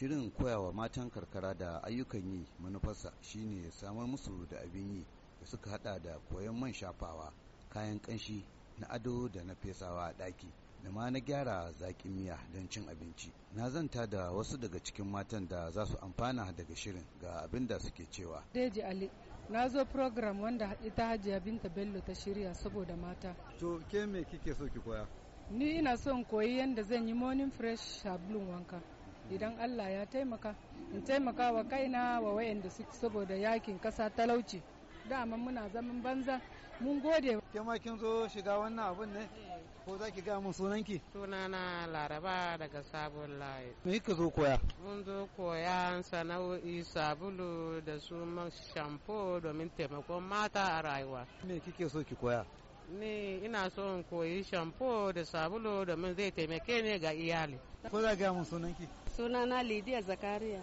shirin koyawa matan karkara da ayyukan yi manufarsa shine samar musu da abin yi da suka hada da koyon man shafawa kayan kanshi na ado da na fesawa a ɗaki da ma na gyara zaƙin miya don cin abinci na zanta da wasu daga cikin matan da za su amfana daga shirin ga abin da suke cewa Deji Ali na zo program wanda ita hajiya binta bello ta shirya saboda mata to ke me kike so ki koya ni ina son koyi yadda zan yi morning fresh sabulun wanka idan Allah ya taimaka in taimaka wa kaina wa wayanda suke saboda yakin kasa talauci dama muna zaman banza mun gode ke ma kin zo shiga wannan abun ne ko za ki ga mun sunan ki sunana Laraba daga Sabon Layi me kika zo koya mun zo koya sana'o'i sabulu da su man shampoo domin taimakon mata a rayuwa me kike so ki koya ni ina so in koyi shampo da sabulu domin zai taimake ni ga iyali. Ko za ga mun sunanki? Suna na Lidiya Zakariya.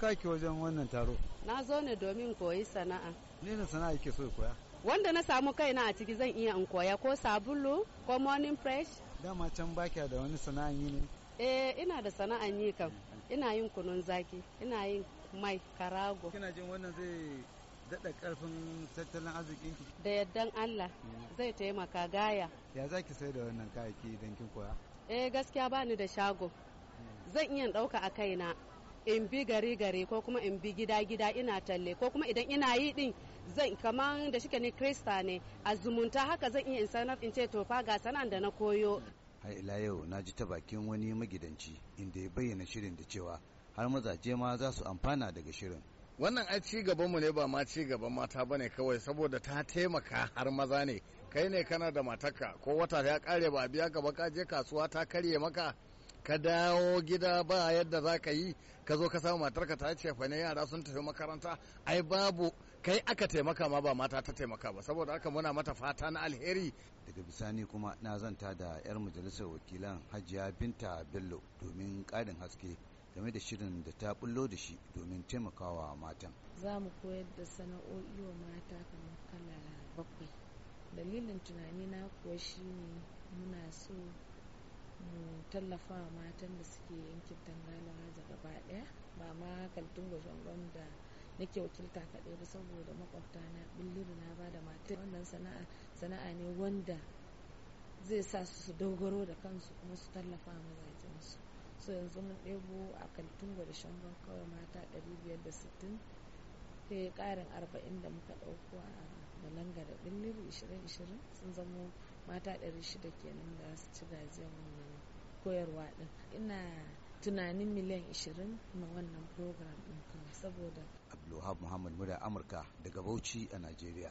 Ka ki wajen wannan taro? Na zo ne domin koyi sana'a. Ne na sana'a yake so koya? Wanda na samu kaina a ciki zan iya in koya ko sabulu ko morning fresh. Dama can baki da wani sana'a yi ne? Eh ina da sana'a yi kam. Ina yin kunun zaki, ina yin mai karago. Kina jin wannan zai daɗa ƙarfin tattalin arzikin ki? Da yaddan Allah mm. zai taimaka gaya. Ya zaki sai da wannan kayayyaki idan kin koya? Eh gaskiya bani da shago. zan iya ɗauka a kaina in bi gari gari ko kuma in bi gida gida ina talle ko kuma idan ina yi din zan kaman da shike ne krista ne a zumunta haka zan iya in sanar in ce to fa ga sanan da na koyo har ila yau na ji ta bakin wani magidanci inda ya bayyana shirin da cewa har mazaje ma za su amfana daga shirin wannan ai ci gaban mu ne ba ma ci gaban mata ba ne kawai saboda ta taimaka har maza ne kai ne kana da matarka ko wata ya kare ba biya gaba ka je kasuwa ta karye maka ka dawo gida ba yadda za ka yi ka zo ka samu matarka ta ce fa ne yara sun tafi makaranta ai babu kai aka taimaka ma ba mata ta taimaka ba saboda haka muna mata fata na alheri daga bisani kuma na zanta da yar majalisar wakilan hajiya binta bello domin ƙarin haske game da shirin da ta bullo da shi domin taimakawa matan za mu koyar da sana'o'i wa mata kamar kala bakwai dalilin tunani na kuwa shine muna so tallafa wa matan da suke yankin tangalawa da gaba daya ba ma kaltun gwazon da nake wakilta kaɗai ba saboda makwabta na billiru na ba da mata wannan sana'a sana'a ne wanda zai sa su su dogaro da kansu kuma su tallafa mazajensu so yanzu mun ɗebo a kaltun da shangon kawai mata 560 sai ƙarin 40 da muka ɗauko a balanga da ishirin ishirin sun zamo mata 600 kenan da su ci gajiyar wannan koyarwa din ina tunanin miliyan 20 na wannan program din saboda abdulwahab muhammad murya amurka daga bauchi a najeriya